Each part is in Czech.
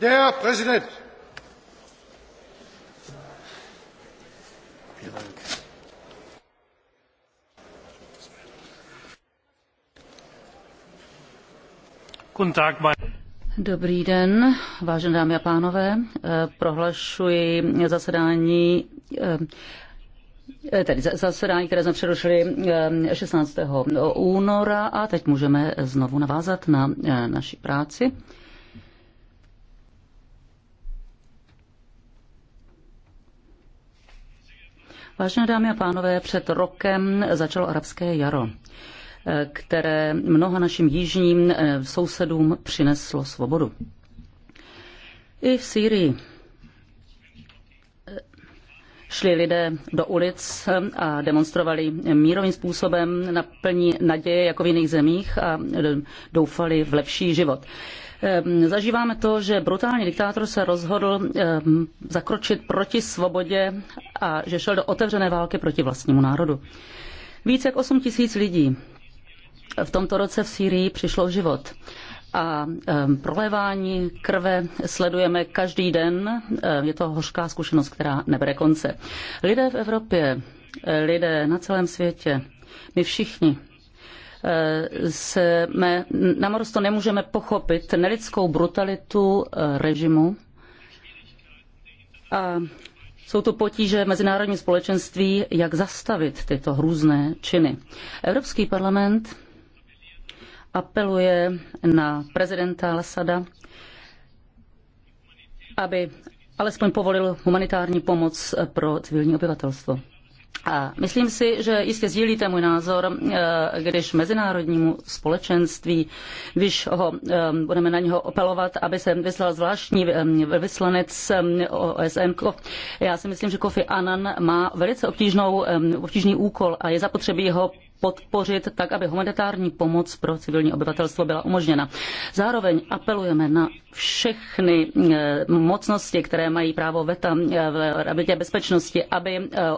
Der Präsident. Guten Tag, mein Dobrý den, vážené dámy a pánové. Eh, prohlašuji zasedání eh, Eh, tedy zasedání, které jsme přerušili 16. Eh, února a teď můžeme znovu navázat na eh, naši práci. Vážené dámy a pánové, před rokem začalo arabské jaro, které mnoha našim jižním sousedům přineslo svobodu. I v Sýrii šli lidé do ulic a demonstrovali mírovým způsobem na plní naděje jako v jiných zemích a doufali v lepší život. Ehm, zažíváme to, že brutální diktátor se rozhodl ehm, zakročit proti svobodě a že šel do otevřené války proti vlastnímu národu. Více jak 8 tisíc lidí v tomto roce v Sýrii přišlo o život a prolévání krve sledujeme každý den. Je to hořká zkušenost, která nebere konce. Lidé v Evropě, eh, lidé na celém světě, my všichni eh, jsme, naprosto nemůžeme pochopit nelidskou brutalitu eh, režimu a jsou to potíže mezinárodní společenství, jak zastavit tyto hrůzné činy. Evropský parlament apeluje na prezidenta al aby alespoň povolil humanitární pomoc pro civilní obyvatelstvo. A myslím si, že jistě sdílíte můj názor, eh, když mezinárodnímu společenství, když ho, eh, budeme na něho opelovat, aby se vyslal zvláštní eh, vyslanec OSN. Já si myslím, že Kofi Annan má velice obtížnou, obtížný úkol a je zapotřebí ho podpořit tak, aby humanitární pomoc pro civilní obyvatelstvo byla umožněna. Zároveň apelujeme na všechny eh, mocnosti, které mají právo veta eh, v Radě bezpečnosti, aby eh,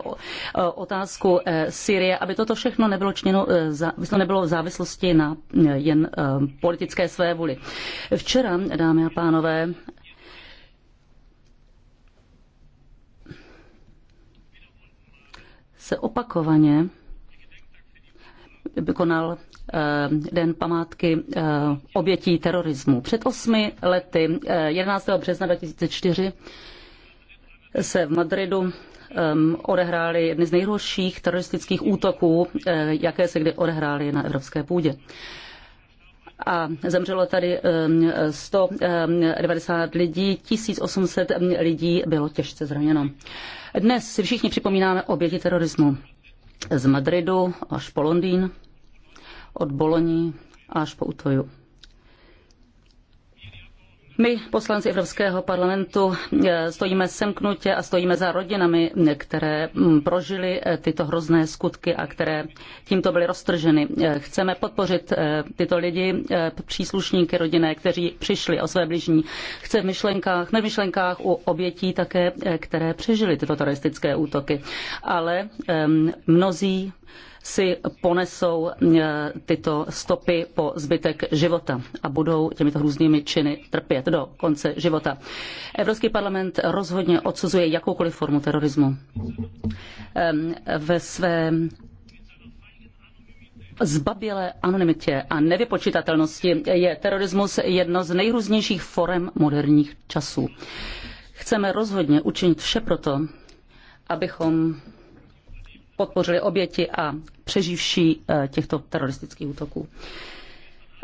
otázku Syrie, aby toto všechno nebylo čněno, to nebylo v závislosti na jen politické své vůli. Včera, dámy a pánové, se opakovaně konal eh, Den památky eh, obětí terorismu. Před osmi lety, 11. Eh, března 2004, se v Madridu ehm, odehrály jedny z nejhorších teroristických útoků, jaké se kdy odehrály na evropské půdě a zemřelo tady 190 ehm, ehm, lidí, 1800 lidí bylo těžce zraněno. Dnes si všichni připomínáme oběti terorismu z Madridu až po Londýn od Boloní až po Utoju. My, poslanci Evropského parlamentu, eh, stojíme semknutě a stojíme za rodinami, které mm, prožily eh, tyto hrozné skutky a které tímto byly roztrženy. Eh, chceme podpořit tyto lidi, příslušníky rodinné, kteří přišli o své blížní. Chce v myšlenkách, ne v myšlenkách u obětí také, které přežili tyto teroristické útoky. Ale ehm, mnozí si ponesou e, tyto stopy po zbytek života a budou těmito různými činy trpět do konce života. Evropský parlament rozhodně odsuzuje jakoukoliv formu terorismu. Ve své zbabělé anonymitě a nevypočitatelnosti je terorismus jedno z nejrůznějších forem moderních časů. Chceme rozhodně učinit vše proto, abychom podpořili oběti a přeživší eh, těchto teroristických útoků.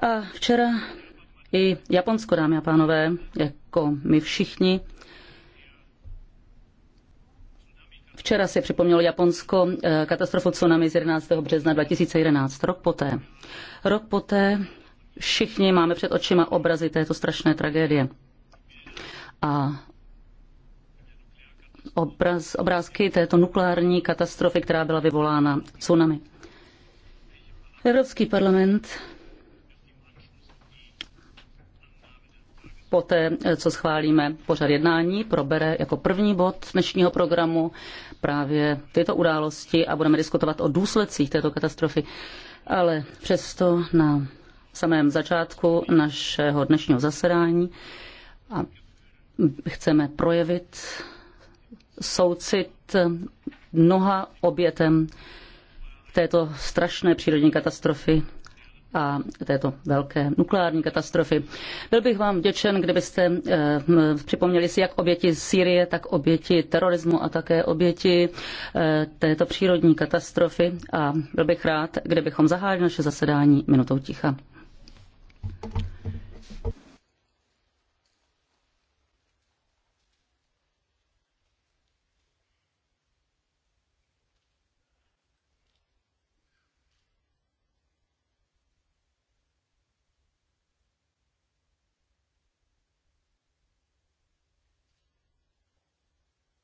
A včera i Japonsko, dámy a pánové, jako my všichni, Včera si připomnělo Japonsko eh, katastrofu tsunami z 11. března 2011, rok poté. Rok poté všichni máme před očima obrazy této strašné tragédie. A obraz, obrázky této nukleární katastrofy, která byla vyvolána tsunami. Evropský parlament poté, co schválíme pořad jednání, probere jako první bod dnešního programu právě tyto události a budeme diskutovat o důsledcích této katastrofy. Ale přesto na samém začátku našeho dnešního zasedání a chceme projevit soucit mnoha obětem této strašné přírodní katastrofy a této velké nukleární katastrofy. Byl bych vám vděčen, kdybyste eh, připomněli si jak oběti Sýrie, tak oběti terorismu a také oběti eh, této přírodní katastrofy. A byl bych rád, kdybychom zahájili naše zasedání minutou ticha.